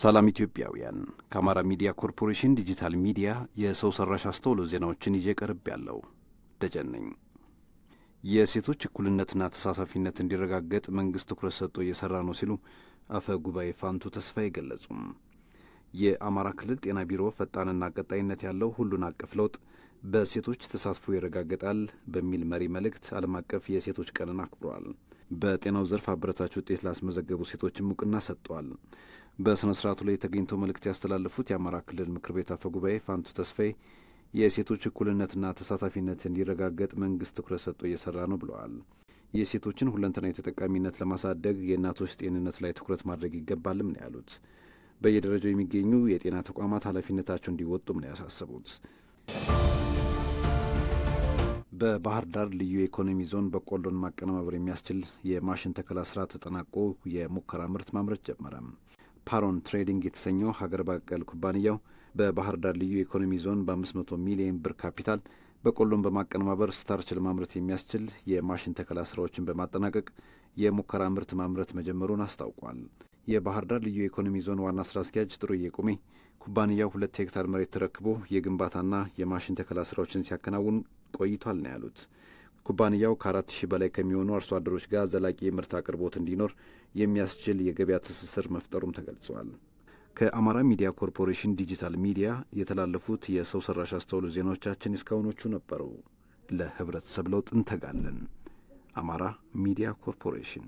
ሰላም ኢትዮጵያውያን፣ ከአማራ ሚዲያ ኮርፖሬሽን ዲጂታል ሚዲያ የሰው ሰራሽ አስተውሎ ዜናዎችን ይዤ ቀርብ ያለው ደጀን ነኝ። የሴቶች እኩልነትና ተሳታፊነት እንዲረጋገጥ መንግስት ትኩረት ሰጥቶ እየሰራ ነው ሲሉ አፈ ጉባኤ ፋንቱ ተስፋዬ ገለጹም። የአማራ ክልል ጤና ቢሮ ፈጣንና ቀጣይነት ያለው ሁሉን አቀፍ ለውጥ በሴቶች ተሳትፎ ይረጋገጣል በሚል መሪ መልእክት ዓለም አቀፍ የሴቶች ቀንን አክብሯል። በጤናው ዘርፍ አበረታች ውጤት ላስመዘገቡ ሴቶችም እውቅና ሰጥተዋል። በሥነ ሥርዓቱ ላይ ተገኝተው መልእክት ያስተላለፉት የአማራ ክልል ምክር ቤት አፈ ጉባኤ ፋንቱ ተስፋዬ የሴቶች እኩልነትና ተሳታፊነት እንዲረጋገጥ መንግስት ትኩረት ሰጥቶ እየሰራ ነው ብለዋል። የሴቶችን ሁለንተናዊ ተጠቃሚነት ለማሳደግ የእናቶች ጤንነት ላይ ትኩረት ማድረግ ይገባልም ነው ያሉት። በየደረጃው የሚገኙ የጤና ተቋማት ኃላፊነታቸው እንዲወጡም ነው ያሳሰቡት። በባህር ዳር ልዩ የኢኮኖሚ ዞን በቆሎን ማቀነባበር የሚያስችል የማሽን ተከላ ስራ ተጠናቆ የሙከራ ምርት ማምረት ጀመረ። ፓሮን ትሬዲንግ የተሰኘው ሀገር በቀል ኩባንያው በባህር ዳር ልዩ የኢኮኖሚ ዞን በ500 ሚሊዮን ብር ካፒታል በቆሎን በማቀነባበር ስታርች ለማምረት የሚያስችል የማሽን ተከላ ስራዎችን በማጠናቀቅ የሙከራ ምርት ማምረት መጀመሩን አስታውቋል። የባህር ዳር ልዩ የኢኮኖሚ ዞን ዋና ስራ አስኪያጅ ጥሩዬ ቁሜ ኩባንያው ሁለት ሄክታር መሬት ተረክቦ የግንባታና የማሽን ተከላ ስራዎችን ሲያከናውን ቆይቷል ነው ያሉት። ኩባንያው ከአራት ሺህ በላይ ከሚሆኑ አርሶ አደሮች ጋር ዘላቂ የምርት አቅርቦት እንዲኖር የሚያስችል የገበያ ትስስር መፍጠሩም ተገልጿል። ከአማራ ሚዲያ ኮርፖሬሽን ዲጂታል ሚዲያ የተላለፉት የሰው ሰራሽ አስተውሎት ዜናዎቻችን እስካሁኖቹ ነበሩ። ለህብረተሰብ ለውጥ እንተጋለን። አማራ ሚዲያ ኮርፖሬሽን